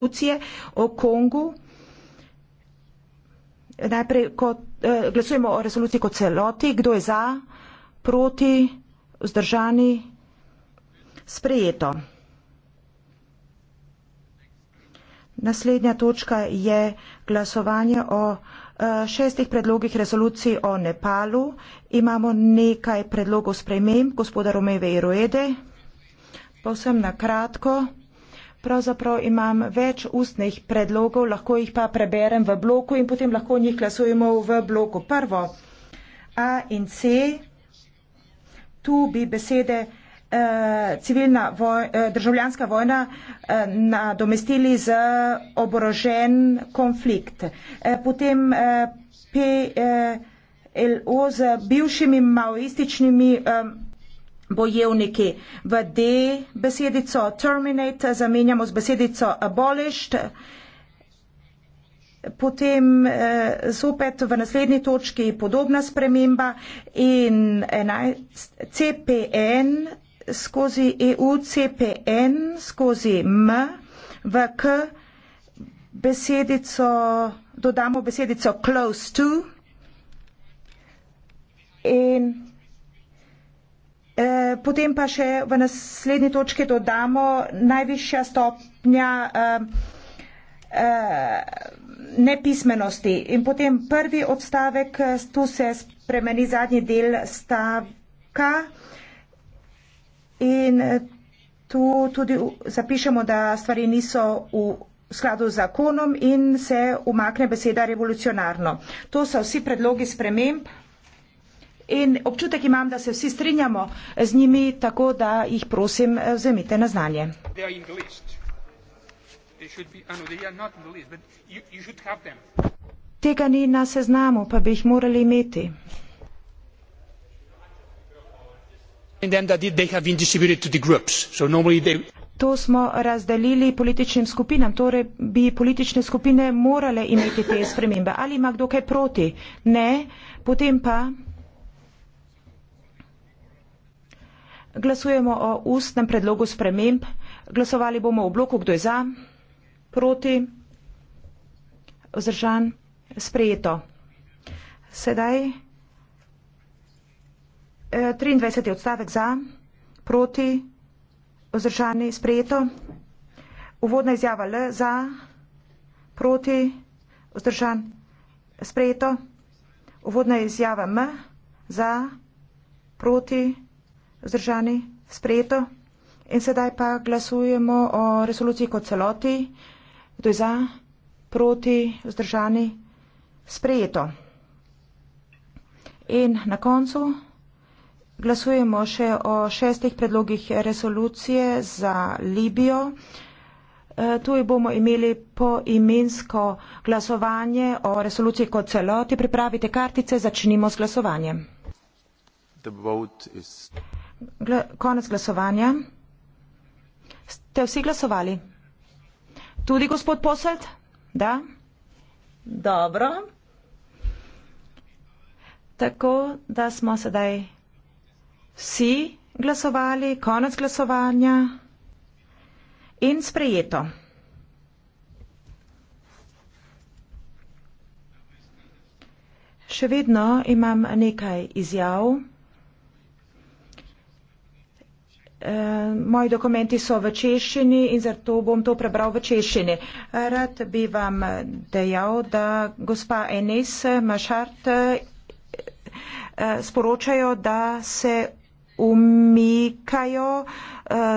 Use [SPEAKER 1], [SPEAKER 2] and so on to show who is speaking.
[SPEAKER 1] resolucije o Kongu. Najprej kot, eh, glasujemo o resoluciji kot celoti. Kdo je za, proti, vzdržani, sprejeto. Naslednja točka je glasovanje o eh, šestih predlogih resolucij o Nepalu. Imamo nekaj predlogov spremem, gospoda Romeve Iroede. Povsem na kratko pravzaprav imam več ustnih predlogov, lahko jih pa preberem v bloku in potem lahko njih klasujemo v bloku. Prvo, A in C, tu bi besede eh, civilna eh, državljanska vojna eh, nadomestili z oborožen konflikt. Potem PLO z bivšimi maoističnimi vojnami, bojevniki. V D besedico terminate zamenjamo z besedico abolished, potem eh, zopet v naslednji točki podobna sprememba in CPN skozi EU, CPN skozi M, v K besedico, dodamo besedico close to in Eh, potem pa še v naslednji točki dodamo najvišja stopnja eh, eh, nepismenosti. In potem prvi odstavek, tu se spremeni zadnji del stavka in tu tudi zapišemo, da stvari niso v skladu z zakonom in se umakne beseda revolucionarno. To so vsi predlogi sprememb in občutek imam, da se vsi strinjamo z njimi, tako da jih prosim eh, vzemite na znanje. Tega ni na seznamu, pa bi jih morali imeti. To smo razdelili političnim skupinam, torej bi politične skupine morale imeti te spremembe. Ali ima kdo kaj proti? Ne, potem pa. Glasujemo o ustnem predlogu sprememb. Glasovali bomo v bloku, kdo je za, proti, vzdržan, sprejeto. Sedaj 23. Eh, odstavek za, proti, vzdržani, sprejeto. Uvodna izjava L za, proti, vzdržan, sprejeto. Uvodna izjava M za, proti, vzdržan vzdržani, sprejeto. In sedaj pa glasujemo o resoluciji kot celoti, kdo je za, proti, vzdržani, sprejeto. In na koncu glasujemo še o šestih predlogih resolucije za Libijo. E, tu bomo imeli poimensko glasovanje o resoluciji kot celoti. Pripravite kartice, začnimo z glasovanjem. Gle, konec glasovanja. Ste vsi glasovali? Tudi gospod Poselt? Da? Dobro. Tako, da smo sedaj vsi glasovali, konec glasovanja in sprejeto. Še vedno imam nekaj izjav. Eh, moji dokumenti so v češini in zato bom to prebral v češini. Rad bi vam dejal, da gospa Enes Mašart eh, sporočajo, da se umikajo. Eh,